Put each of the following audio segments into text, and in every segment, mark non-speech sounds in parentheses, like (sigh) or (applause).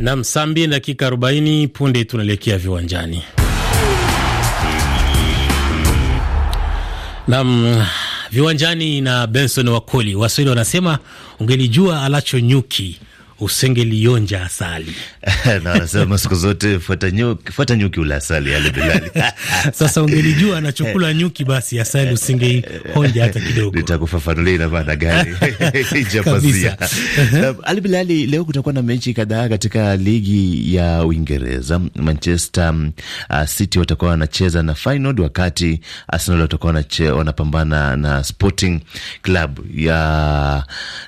Nam, saa mbili dakika 40 punde tunaelekea viwanjani. Nam, viwanjani na Benson Wakoli. Waswahili wanasema ungelijua alacho nyuki usingelionja asali (laughs) na anasema siku zote fuata nyuki, fuata nyuki ula asali yale bilali. (laughs) Sasa ungelijua anachokula nyuki, basi asali usingeionja hata kidogo. Nitakufafanulia ina maana gani (laughs) japasia. Ali bilali, leo kutakuwa na mechi kadhaa katika ligi ya Uingereza. Manchester uh, City watakuwa wanacheza na Feyenoord, wakati Arsenal watakuwa wanapambana na Sporting Club ya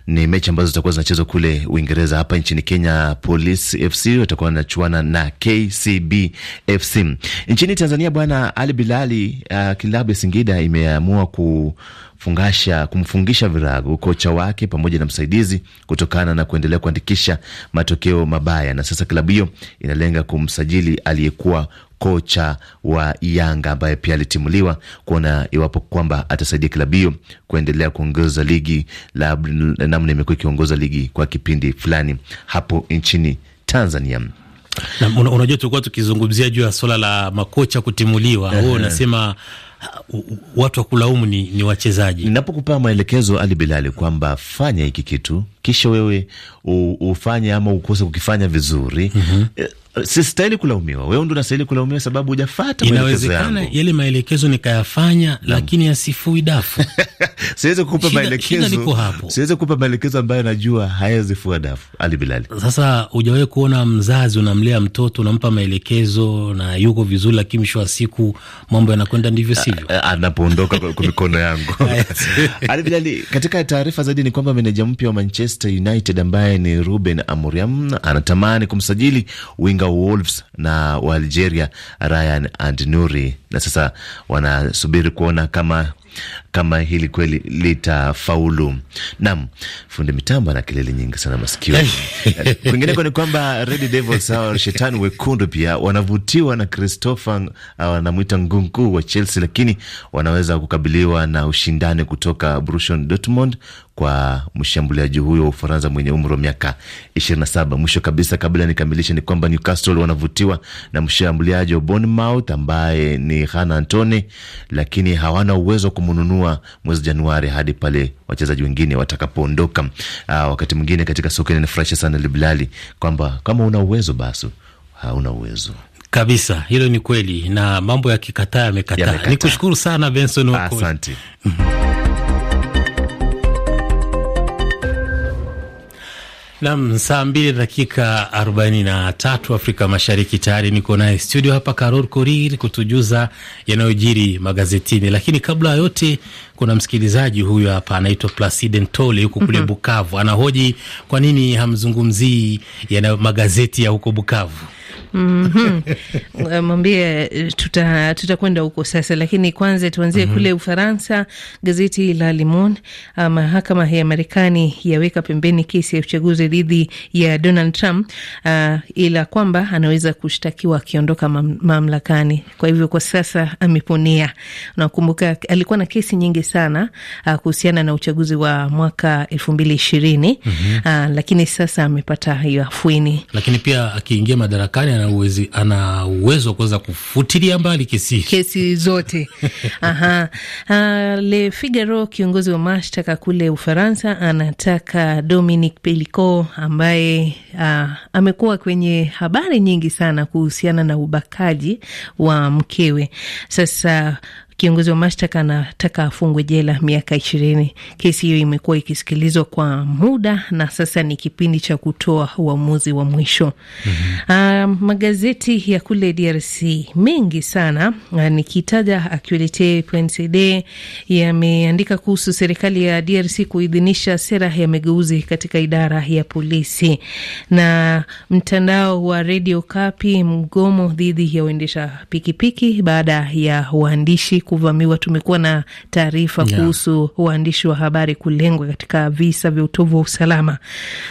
ni mechi ambazo zitakuwa zinachezwa kule Uingereza hapa nchini Kenya, Police FC watakuwa wanachuana na KCB FC. Nchini Tanzania, bwana Ali Bilali, uh, kilabu ya Singida imeamua ku kumfungasha, kumfungisha virago kocha wake pamoja na msaidizi kutokana na kuendelea kuandikisha matokeo mabaya, na sasa klabu hiyo inalenga kumsajili aliyekuwa kocha wa Yanga ambaye pia alitimuliwa kuona iwapo kwamba atasaidia klabu hiyo kuendelea kuongoza ligi, namna imekuwa ikiongoza ligi kwa kipindi fulani hapo nchini Tanzania. Na, unajua tulikuwa tukizungumzia juu ya swala la makocha kutimuliwa, huo unasema watu wa kulaumu ni, ni wachezaji. Ninapokupea maelekezo Ali Bilali kwamba fanya hiki kitu kisha wewe ufanye ama ukose kukifanya vizuri mm -hmm. Eh, sistahili kulaumiwa, wewe ndo unastahili kulaumiwa sababu hujafata maelekezo yangu. Inawezekana yale maelekezo nikayafanya, lakini yasifui dafu (laughs) siwezi kukupa maelekezo, siwezi kukupa maelekezo ambayo najua hayazifua dafu. Ali Bilali, sasa hujawahi kuona mzazi unamlea mtoto unampa maelekezo na yuko vizuri, lakini mwisho wa siku mambo yanakwenda ndivyo sivyo, anapoondoka kwa mikono yangu. (laughs) (laughs) Ali Bilali, katika taarifa zaidi ni kwamba meneja mpya wa Manchester United ambaye ni Ruben Amorim anatamani kumsajili winga Wolves na wa Algeria Ryan and Nuri, na sasa wanasubiri kuona kama kama hili kweli litafaulu. Nam fundi mitambo ana kelele nyingi sana masikio. (laughs) Kwingineko ni kwamba Red Devils hawa shetani wekundu pia wanavutiwa na Christopher, wanamwita ngunkuu wa Chelsea, lakini wanaweza kukabiliwa na ushindani kutoka Borussia Dortmund kwa mshambuliaji huyo wa Ufaransa mwenye umri wa miaka 27. Mwisho kabisa kabla nikamilishe ni kwamba Newcastle wanavutiwa na mshambuliaji wa Bournemouth ambaye ni Hana Antony, lakini hawana uwezo wa kumnunua kupanua mwezi Januari hadi pale wachezaji wengine watakapoondoka. Ah, wakati mwingine katika soka inanifurahisha sana Liblali kwamba kama una uwezo basi hauna uwezo kabisa. Hilo ni kweli, na mambo ya kikataa yamekataa. Ni kushukuru sana Benson. Asante. Mhm. Nam, saa mbili dakika arobaini na tatu Afrika Mashariki. Tayari niko naye studio hapa Karol Korir kutujuza yanayojiri magazetini, lakini kabla ya yote, kuna msikilizaji huyu hapa anaitwa Placide Ntole huko kule mm -hmm. Bukavu anahoji kwa nini hamzungumzii yana magazeti ya huko Bukavu mm -hmm. (laughs) Mwambie tuta tutakwenda huko sasa, lakini kwanza tuanzie mm -hmm. kule Ufaransa. Gazeti la Le Monde, ah, mahakama ya Marekani yaweka pembeni kesi ya uchaguzi dhidi ya Donald Trump, uh, ila kwamba anaweza kushtakiwa akiondoka mam, mamlakani. Kwa hivyo kwa sasa ameponia. Nakumbuka alikuwa na kesi nyingi sana uh, kuhusiana na uchaguzi wa mwaka elfu mbili ishirini mm -hmm. uh, lakini sasa amepata hiyo afueni, lakini pia akiingia madarakani ana uwezo wa kuweza kufutilia mbali kesi kesi zote. (laughs) Aha. Uh, Le Figaro, kiongozi wa mashtaka kule Ufaransa, anataka Dominic pelico ambaye uh, amekuwa kwenye habari nyingi sana kuhusiana na ubakaji wa mkewe sasa Kiongozi wa mashtaka anataka afungwe jela miaka ishirini. Kesi hiyo imekuwa ikisikilizwa kwa muda na sasa ni kipindi cha kutoa uamuzi wa mwisho. mm -hmm. Uh, magazeti ya kule DRC mengi sana uh, nikitaja Actualite PNCD yameandika kuhusu serikali ya DRC kuidhinisha sera ya mageuzi katika idara ya polisi, na mtandao wa Radio Kapi, mgomo dhidi ya uendesha pikipiki baada ya waandishi kuvamiwa. Tumekuwa na taarifa yeah, kuhusu waandishi wa habari kulengwa katika visa vya utovu wa usalama.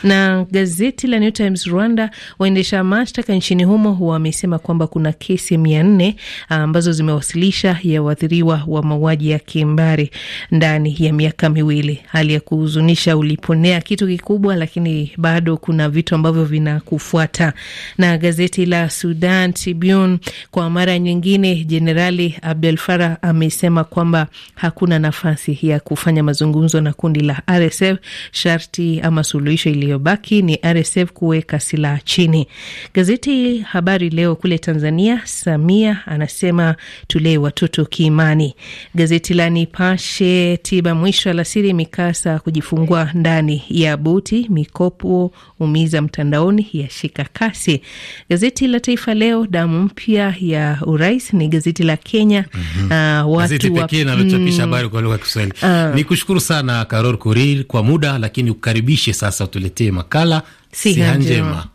Na gazeti la New Times Rwanda, waendesha mashtaka nchini humo wamesema kwamba kuna kesi mia nne ah, ambazo zimewasilisha ya waathiriwa wa mauaji ya kimbari ndani ya miaka miwili. Hali ya kuhuzunisha, uliponea kitu kikubwa, lakini bado kuna vitu ambavyo vinakufuata. Na gazeti la Sudan Tribune, kwa mara nyingine Jenerali Abdel Farah amesema kwamba hakuna nafasi ya kufanya mazungumzo na kundi la RSF. Sharti ama suluhisho iliyobaki ni RSF kuweka silaha chini. Gazeti Habari Leo kule Tanzania, Samia anasema tulee watoto kiimani. Gazeti la Nipashe, tiba mwisho alasiri, mikasa kujifungua ndani ya buti, mikopo umiza mtandaoni yashika kasi. Gazeti la Taifa Leo, damu mpya ya urais, ni gazeti la Kenya. mm -hmm. Uh, na watu wa pekee linalochapisha mm. habari kwa lugha ya Kiswahili. Ah. Nikushukuru sana Karol Kuril kwa muda, lakini ukaribishe sasa utuletee makala siha njema.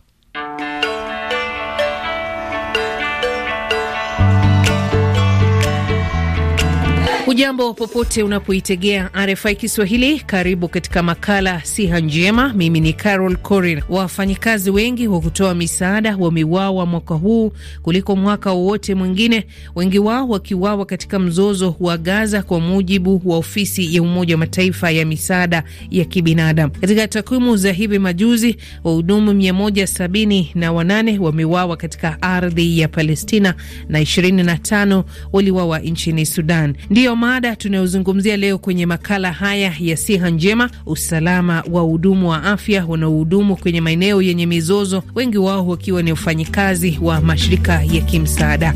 Ujambo popote unapoitegea RFI Kiswahili, karibu katika makala siha njema. Mimi ni Carol Corin. Wafanyikazi wengi wa kutoa misaada wameuawa mwaka huu kuliko mwaka wowote mwingine, wengi wao wakiuawa katika mzozo wa Gaza, kwa mujibu wa ofisi ya Umoja wa Mataifa ya misaada ya kibinadamu. Katika takwimu za hivi majuzi, wahudumu 178 wameuawa katika ardhi ya Palestina na 25 waliuawa nchini Sudan. Ndiyo Ndiyo mada tunayozungumzia leo kwenye makala haya ya siha njema, usalama wa hudumu wa afya wanaohudumu kwenye maeneo yenye mizozo, wengi wao wakiwa ni wafanyikazi wa mashirika ya kimsaada.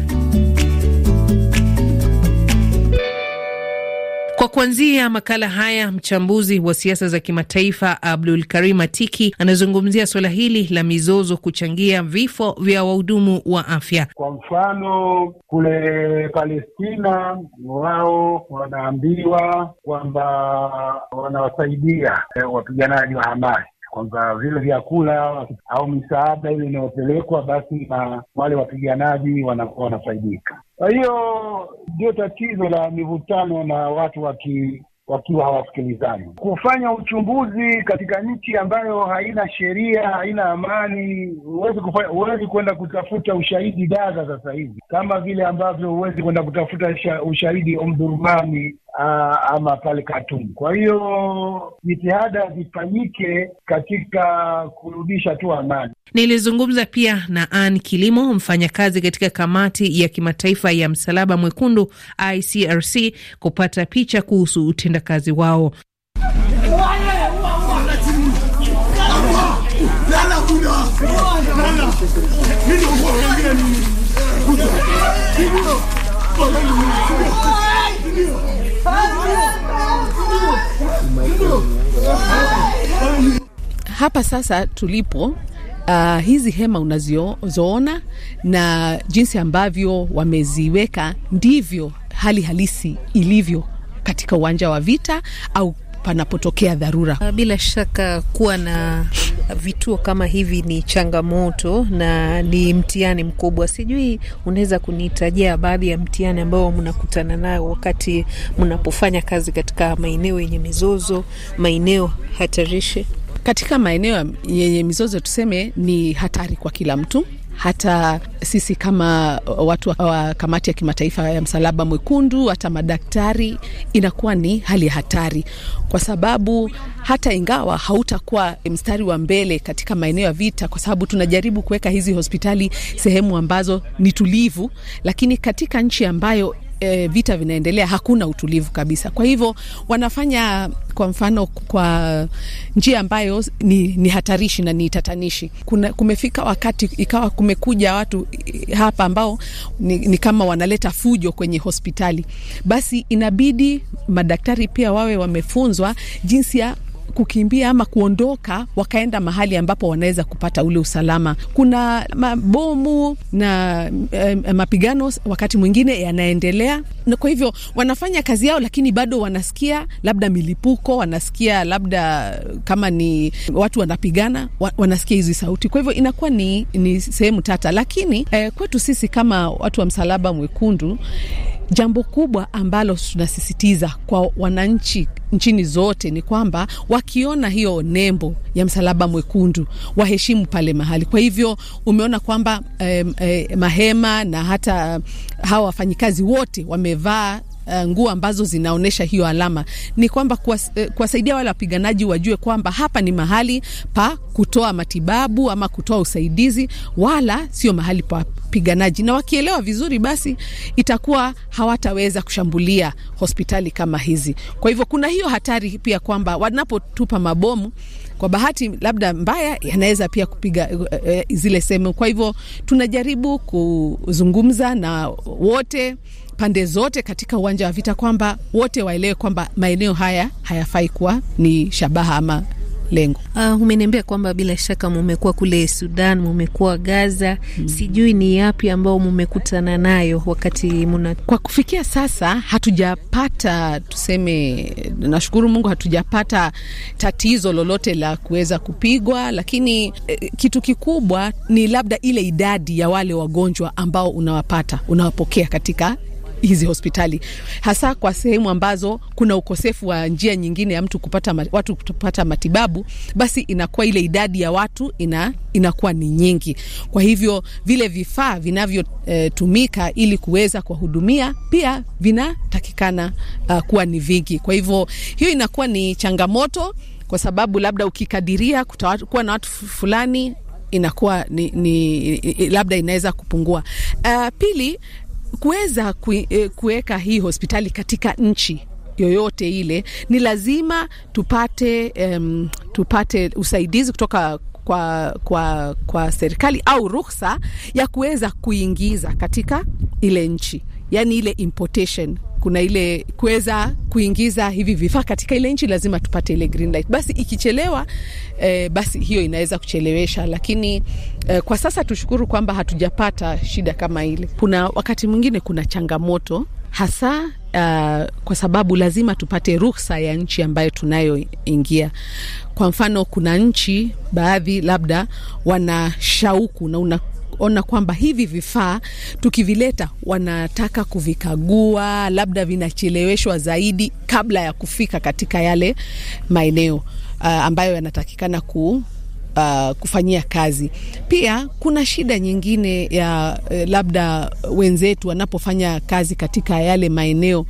Kwa kuanzia makala haya, mchambuzi wa siasa za kimataifa Abdul Karim Atiki anazungumzia suala hili la mizozo kuchangia vifo vya wahudumu wa afya. Kwa mfano kule Palestina, wao wanaambiwa kwamba wanawasaidia eh, wapiganaji wa Hamasi kwamba vile vyakula au misaada ile inayopelekwa basi na wale wapiganaji wanakuwa wanafaidika. Kwa hiyo ndio tatizo la mivutano na watu waki wakiwa hawasikilizani. Kufanya uchunguzi katika nchi ambayo haina sheria, haina amani, huwezi kufanya, huwezi kwenda kutafuta ushahidi Gaza sasa hivi, kama vile ambavyo huwezi kwenda kutafuta ushahidi Omdurmani ama pale Khartoum. Kwa hiyo jitihada zifanyike katika kurudisha tu amani. Nilizungumza pia na Ann Kilimo, mfanyakazi katika kamati ya kimataifa ya Msalaba Mwekundu ICRC, kupata picha kuhusu utendakazi wao. Hapa sasa tulipo Uh, hizi hema unazoona na jinsi ambavyo wameziweka ndivyo hali halisi ilivyo katika uwanja wa vita au panapotokea dharura. Ah, bila shaka kuwa na vituo kama hivi ni changamoto na ni mtihani mkubwa. Sijui unaweza kunitajia baadhi ya mtihani ambao mnakutana nayo wakati mnapofanya kazi katika maeneo yenye mizozo, maeneo hatarishi? Katika maeneo yenye mizozo tuseme ni hatari kwa kila mtu, hata sisi kama uh, watu wa kamati ya kimataifa ya msalaba mwekundu, hata madaktari, inakuwa ni hali ya hatari, kwa sababu hata ingawa hautakuwa mstari wa mbele katika maeneo ya vita, kwa sababu tunajaribu kuweka hizi hospitali sehemu ambazo ni tulivu, lakini katika nchi ambayo e, vita vinaendelea, hakuna utulivu kabisa. Kwa hivyo wanafanya kwa mfano, kwa njia ambayo ni, ni hatarishi na ni tatanishi. Kuna, kumefika wakati ikawa kumekuja watu hapa ambao ni, ni kama wanaleta fujo kwenye hospitali, basi inabidi madaktari pia wawe wamefunzwa jinsi ya kukimbia ama kuondoka wakaenda mahali ambapo wanaweza kupata ule usalama. Kuna mabomu na e, mapigano wakati mwingine yanaendelea, na kwa hivyo wanafanya kazi yao, lakini bado wanasikia labda milipuko, wanasikia labda eh, kama ni watu wanapigana, wanasikia hizi sauti. Kwa hivyo inakuwa ni, ni sehemu tata, lakini e, kwetu sisi kama watu wa Msalaba Mwekundu Jambo kubwa ambalo tunasisitiza kwa wananchi nchini zote ni kwamba wakiona hiyo nembo ya msalaba mwekundu waheshimu pale mahali. Kwa hivyo umeona kwamba eh, eh, mahema na hata eh, hawa wafanyikazi wote wamevaa Eh, nguo ambazo zinaonesha hiyo alama ni kwamba eh, kuwasaidia wale wapiganaji wajue kwamba hapa ni mahali pa kutoa matibabu ama kutoa usaidizi, wala sio mahali pa wapiganaji. Na wakielewa vizuri, basi itakuwa hawataweza kushambulia hospitali kama hizi. Kwa hivyo kuna hiyo hatari pia kwamba wanapotupa mabomu kwa bahati labda mbaya yanaweza pia kupiga eh, zile sehemu. Kwa hivyo tunajaribu kuzungumza na wote pande zote katika uwanja wa vita kwamba wote waelewe kwamba maeneo haya hayafai kuwa ni shabaha ama lengo. Uh, umeniambia kwamba bila shaka mumekuwa kule Sudan, mumekuwa Gaza. Hmm, Sijui ni yapi ambao mumekutana nayo wakati muna... Kwa kufikia sasa hatujapata tuseme, nashukuru Mungu hatujapata tatizo lolote la kuweza kupigwa, lakini eh, kitu kikubwa ni labda ile idadi ya wale wagonjwa ambao unawapata unawapokea katika hizi hospitali, hasa kwa sehemu ambazo kuna ukosefu wa njia nyingine ya mtu kupata watu kupata matibabu, basi inakuwa ile idadi ya watu ina inakuwa ni nyingi. Kwa hivyo vile vifaa vinavyotumika eh, e, ili kuweza kuwahudumia pia vinatakikana uh, kuwa ni vingi. Kwa hivyo hiyo inakuwa ni changamoto, kwa sababu labda ukikadiria kutakuwa na watu fulani inakuwa ni, ni, labda inaweza kupungua. Uh, pili kuweza eh, kuweka hii hospitali katika nchi yoyote ile ni lazima tupate, um, tupate usaidizi kutoka kwa, kwa, kwa serikali au ruhusa ya kuweza kuingiza katika ile nchi, yani ile importation kuna ile kuweza kuingiza hivi vifaa katika ile nchi, lazima tupate ile green light. Basi ikichelewa e, basi hiyo inaweza kuchelewesha, lakini e, kwa sasa tushukuru kwamba hatujapata shida kama ile. Kuna wakati mwingine kuna changamoto hasa uh, kwa sababu lazima tupate ruhusa ya nchi ambayo tunayoingia. Kwa mfano, kuna nchi baadhi labda wana shauku na una kuona kwamba hivi vifaa tukivileta, wanataka kuvikagua, labda vinacheleweshwa zaidi kabla ya kufika katika yale maeneo uh, ambayo yanatakikana ku Uh, kufanyia kazi. Pia kuna shida nyingine ya uh, labda wenzetu wanapofanya kazi katika yale maeneo uh,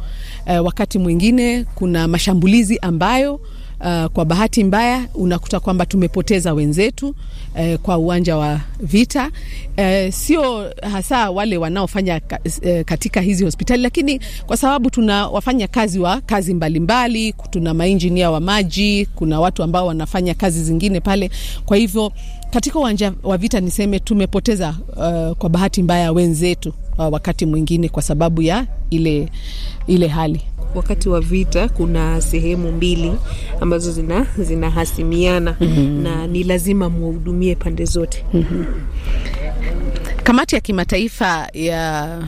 wakati mwingine kuna mashambulizi ambayo Uh, kwa bahati mbaya unakuta kwamba tumepoteza wenzetu uh, kwa uwanja wa vita uh, sio hasa wale wanaofanya ka, uh, katika hizi hospitali, lakini kwa sababu tuna wafanya kazi wa kazi mbalimbali mbali, tuna mainjinia wa maji, kuna watu ambao wanafanya kazi zingine pale. Kwa hivyo katika uwanja wa vita niseme tumepoteza uh, kwa bahati mbaya wenzetu uh, wakati mwingine kwa sababu ya ile, ile hali wakati wa vita kuna sehemu mbili ambazo zina zinahasimiana mm -hmm. na ni lazima mwahudumie pande zote mm -hmm. Kamati ya kimataifa ya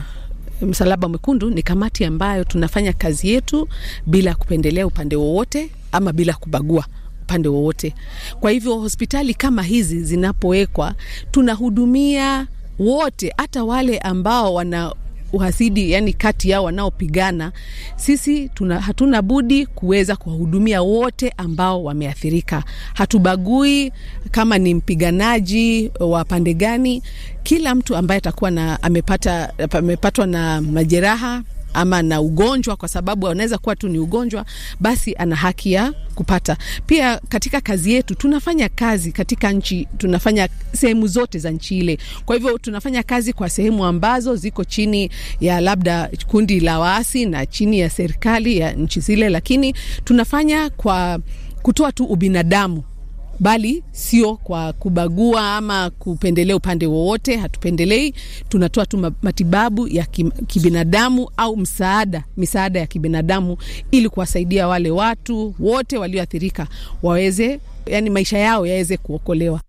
Msalaba Mwekundu ni kamati ambayo tunafanya kazi yetu bila kupendelea upande wowote ama bila kubagua upande wowote. Kwa hivyo hospitali kama hizi zinapowekwa, tunahudumia wote, hata wale ambao wana uhasidi, yani kati yao wanaopigana, sisi tuna, hatuna budi kuweza kuwahudumia wote ambao wameathirika. Hatubagui kama ni mpiganaji wa pande gani. Kila mtu ambaye atakuwa na amepata amepatwa na majeraha ama na ugonjwa, kwa sababu anaweza kuwa tu ni ugonjwa, basi ana haki ya kupata. Pia katika kazi yetu tunafanya kazi katika nchi, tunafanya sehemu zote za nchi ile. Kwa hivyo tunafanya kazi kwa sehemu ambazo ziko chini ya labda kundi la waasi na chini ya serikali ya nchi zile, lakini tunafanya kwa kutoa tu ubinadamu bali sio kwa kubagua ama kupendelea upande wowote. Hatupendelei, tunatoa tu matibabu ya kibinadamu au msaada, misaada ya kibinadamu ili kuwasaidia wale watu wote walioathirika waweze, yani maisha yao yaweze kuokolewa.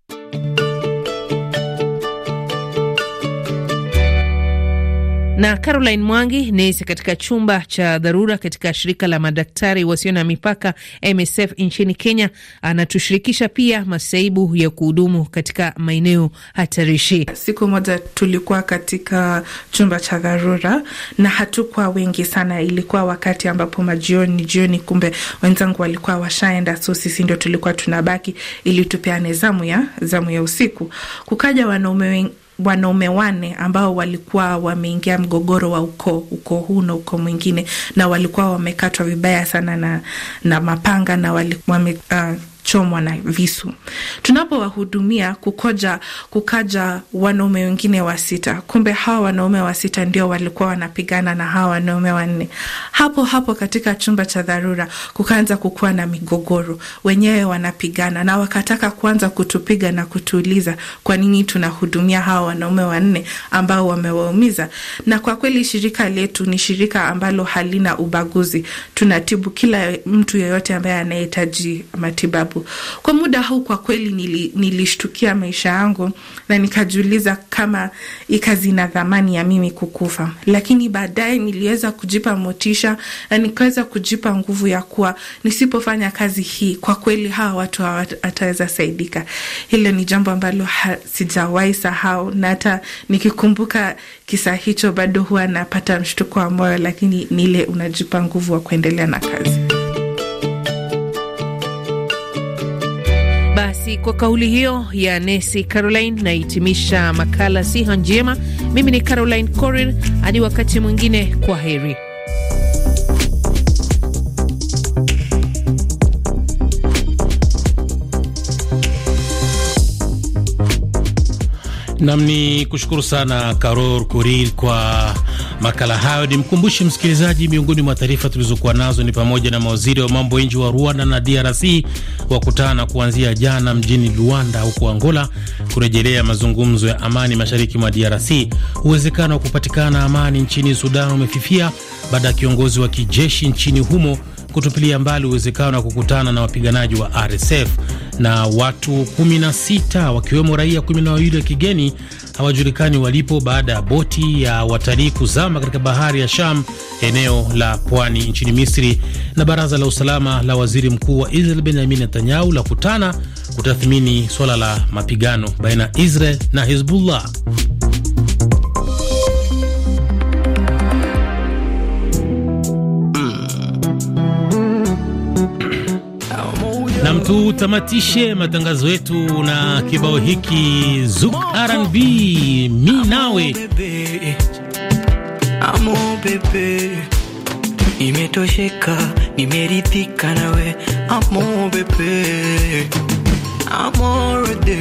na Caroline Mwangi, nesi katika chumba cha dharura katika shirika la madaktari wasio na mipaka MSF nchini Kenya, anatushirikisha pia masaibu ya kuhudumu katika maeneo hatarishi. Siku moja tulikuwa katika chumba cha dharura na hatukuwa wengi sana, ilikuwa wakati ambapo majioni jioni, kumbe wenzangu walikuwa washaenda, so sisi ndio tulikuwa tunabaki ili tupeane zamu ya zamu ya usiku. Kukaja wanaume wanaume wane ambao walikuwa wameingia mgogoro wa ukoo ukoo huu na ukoo mwingine, na walikuwa wamekatwa vibaya sana na, na mapanga na wali, wame, uh, kuchomwa na visu. Tunapowahudumia kukoja kukaja wanaume wengine wa sita, kumbe hawa wanaume wa sita ndio walikuwa wanapigana na hawa wanaume wanne. Hapo hapo katika chumba cha dharura kukaanza kukuwa na migogoro, wenyewe wanapigana na wakataka kuanza kutupiga na kutuuliza kwa nini tunahudumia hawa wanaume wanne ambao wamewaumiza. Na kwa kweli shirika letu ni shirika ambalo halina ubaguzi, tunatibu kila mtu yeyote ambaye anahitaji matibabu sababu kwa muda huu kwa kweli nili, nilishtukia maisha yangu na nikajiuliza kama hii kazi ina dhamani ya mimi kukufa, lakini baadaye niliweza kujipa motisha na nikaweza kujipa nguvu ya kuwa nisipofanya kazi hii kwa kweli hawa watu hawataweza saidika. Hilo ni jambo ambalo sijawahi sahau, na hata nikikumbuka kisa hicho bado huwa napata mshtuko wa moyo, lakini nile unajipa nguvu wa kuendelea na kazi. Basi kwa kauli hiyo ya Nesi Caroline nahitimisha makala siha njema. Mimi ni Caroline Coril, hadi wakati mwingine, kwa heri. Nam ni kushukuru sana Karor Kuril kwa Makala hayo ni mkumbushi msikilizaji, miongoni mwa taarifa tulizokuwa nazo ni pamoja na mawaziri wa mambo ya nje wa Rwanda na DRC wakutana kuanzia jana mjini Luanda huko Angola kurejelea mazungumzo ya amani mashariki mwa DRC. Uwezekano wa kupatikana amani nchini Sudan umefifia baada ya kiongozi wa kijeshi nchini humo kutupilia mbali uwezekano wa kukutana na wapiganaji wa RSF na watu 16 wakiwemo raia 12 wa kigeni hawajulikani walipo baada ya boti ya watalii kuzama katika bahari ya Sham eneo la pwani nchini Misri. Na baraza la usalama la waziri mkuu wa Israel Benjamin Netanyahu la kutana kutathmini swala la mapigano baina ya Israel na Hezbollah. tutamatishe matangazo yetu na kibao hiki Zouk R&B mi nawe amo bebe, nimetosheka nimeridhika nawe amo bebe, amorede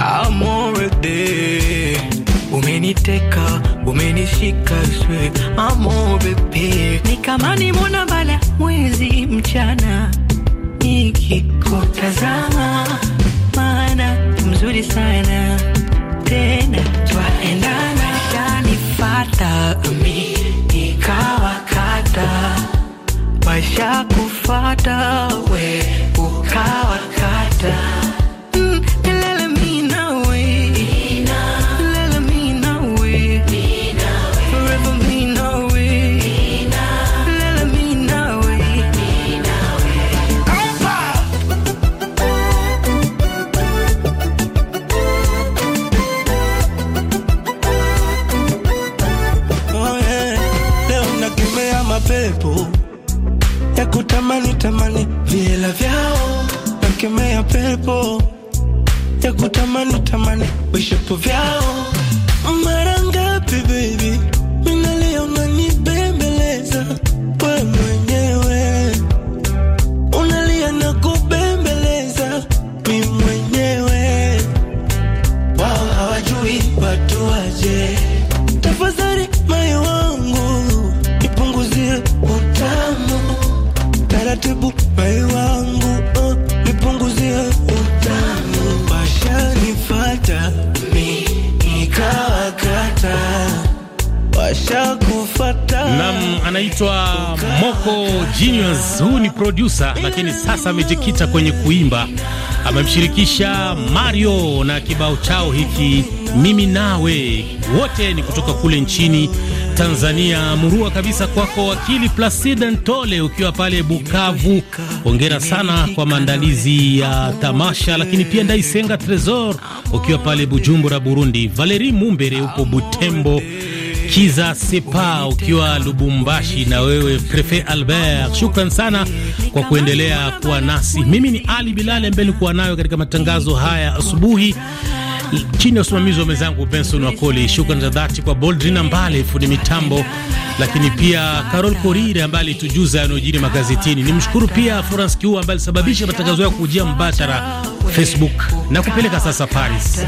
amorede, umeniteka umenishika swe amo bebe, nikamani mwana bala mwezi mchana nikikutazama, maana mzuri sana tena twaendana, kanifata mi nikawakata, washa kufata we ukawakata tuipatuaje? Tafadhali moyo wangu nipunguzie utamu taratibu, moyo wangu uh, nipunguzie utamu. Washanifata nikawakata, Nam anaitwa Moko Genius, huu ni producer, lakini sasa amejikita kwenye kuimba amemshirikisha Mario na kibao chao hiki mimi nawe. Wote ni kutoka kule nchini Tanzania. Murua kabisa kwako wakili Placide Ntole ukiwa pale Bukavu, hongera sana kwa maandalizi ya tamasha. Lakini pia Ndaisenga Tresor ukiwa pale Bujumbura, Burundi. Valeri Mumbere upo Butembo Kiza Sepa ukiwa Lubumbashi, na wewe Prefe Albert, shukran sana kwa kuendelea kuwa nasi. Mimi ni Ali Bilal ambaye nilikuwa nayo katika matangazo haya asubuhi chini ya usimamizi wa mwenzangu Benson Wakoli. Shukran za dhati kwa Boldrina Mbale, fundi mitambo, lakini pia Carol Korire ambaye alitujuza yanayojiri magazetini. Nimshukuru pia Florence Kiu ambaye alisababisha matangazo yao kujia mbatara Facebook na kupeleka sasa Paris.